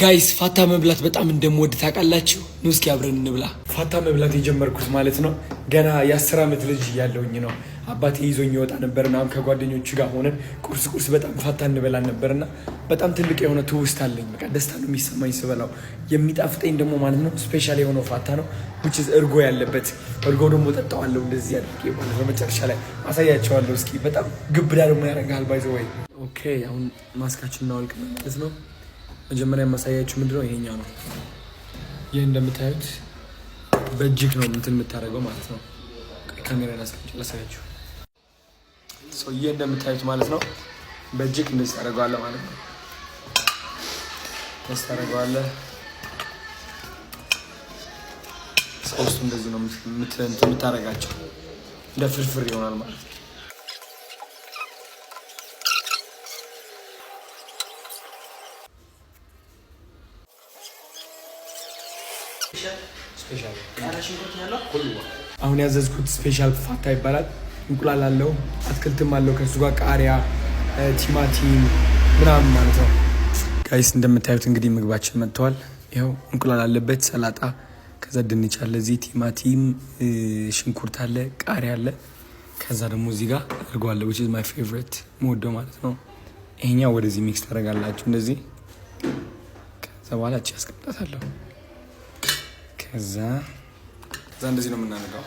ጋይስ ፋታ መብላት በጣም እንደምወድ ታውቃላችሁ። ኑ እስኪ አብረን እንብላ። ፋታ መብላት የጀመርኩት ማለት ነው ገና የአስር ዓመት ልጅ እያለሁኝ ነው። አባቴ ይዞኝ ይወጣ ነበር እና ከጓደኞቹ ጋር ሆነን ቁርስ ቁርስ በጣም ፋታ እንበላ ነበር እና በጣም ትልቅ የሆነ ትውስት አለኝ። በቃ ደስታ ነው የሚሰማኝ ስበላው። የሚጣፍጠኝ ደግሞ ማለት ነው ስፔሻል የሆነው ፋታ ነው ውጭ እርጎ ያለበት። እርጎ ደግሞ ጠጣዋለሁ እንደዚህ አድርጌ ማለት ነው። መጨረሻ ላይ አሳያቸዋለሁ። እስኪ በጣም ግብዳ ደግሞ ያደርግሃል ባይዘ ወይ። ኦኬ አሁን ማስካችን እናወልቅ ማለት ነው መጀመሪያ የማሳያችሁ ምንድነው ይሄኛው ነው። ይህ እንደምታዩት በእጅግ ነው እንትን የምታደርገው ማለት ነው። ካሜራ ላሳያችሁ። ይህ እንደምታዩት ማለት ነው በእጅግ እንደዚህ ታደርገዋለህ ማለት ነው። ደስ ታደርገዋለህ። ሶስቱ እንደዚህ ነው የምታደርጋቸው፣ እንደ ፍርፍር ይሆናል ማለት ነው። አሁን ያዘዝኩት ስፔሻል ፋታ ይባላል። እንቁላል አለው፣ አትክልትም አለው ከሱ ጋር ቃሪያ፣ ቲማቲም ምናምን ማለት ነው። ጋይስ እንደምታዩት እንግዲህ ምግባችን መጥተዋል። ይኸው እንቁላል አለበት፣ ሰላጣ፣ ከዛ ድንች አለ፣ እዚህ ቲማቲም፣ ሽንኩርት አለ፣ ቃሪያ አለ። ከዛ ደግሞ እዚህ ጋር እርጎ አለ፣ which is መወደው ማለት ነው። ይሄኛው ወደዚህ ሚክስ ታደርጋላችሁ እንደዚህ። ከዛ በኋላ እቺ ያስቀምጣታለሁ ከዛ ከዛ እንደዚህ ነው የምናነቃው።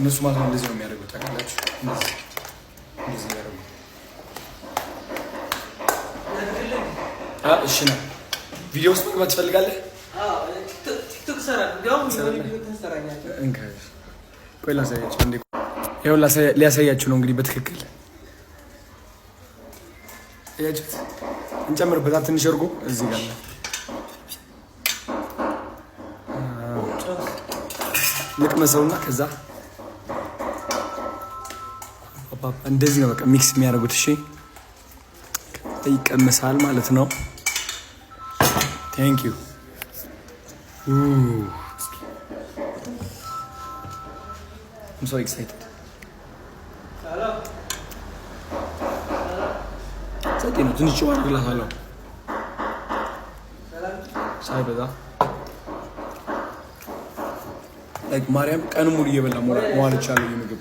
እነሱ ማለት ነው እንደዚህ ነው የሚያደርጉት ታውቃላችሁ። እንደዚህ ያደርጉ እሺ ነው። ቪዲዮ ውስጥ መግባት ትፈልጋለህ? ቲክቶክ ሰራ እንዲሁም ሰራ ቆይ ላሳያቸው እንዴ ይኸው ሊያሳያችሁ ነው እንግዲህ በትክክል እያችሁት እንጨምርበታል። ትንሽ እርጎ እዚህ ጋር ልቅመሰውና ከዛ እንደዚህ ነው በቃ ሚክስ የሚያደርጉት። እሺ ይቀመሳል ማለት ነው። ቴንክ ዩ ሶ ኤክሳይትድ ጸጥ ነው። ትንሽ ጨው አድርግላታለሁ ሳይበዛ። ማርያም ቀን ሙሉ እየበላ መዋል ይቻላል ምግብ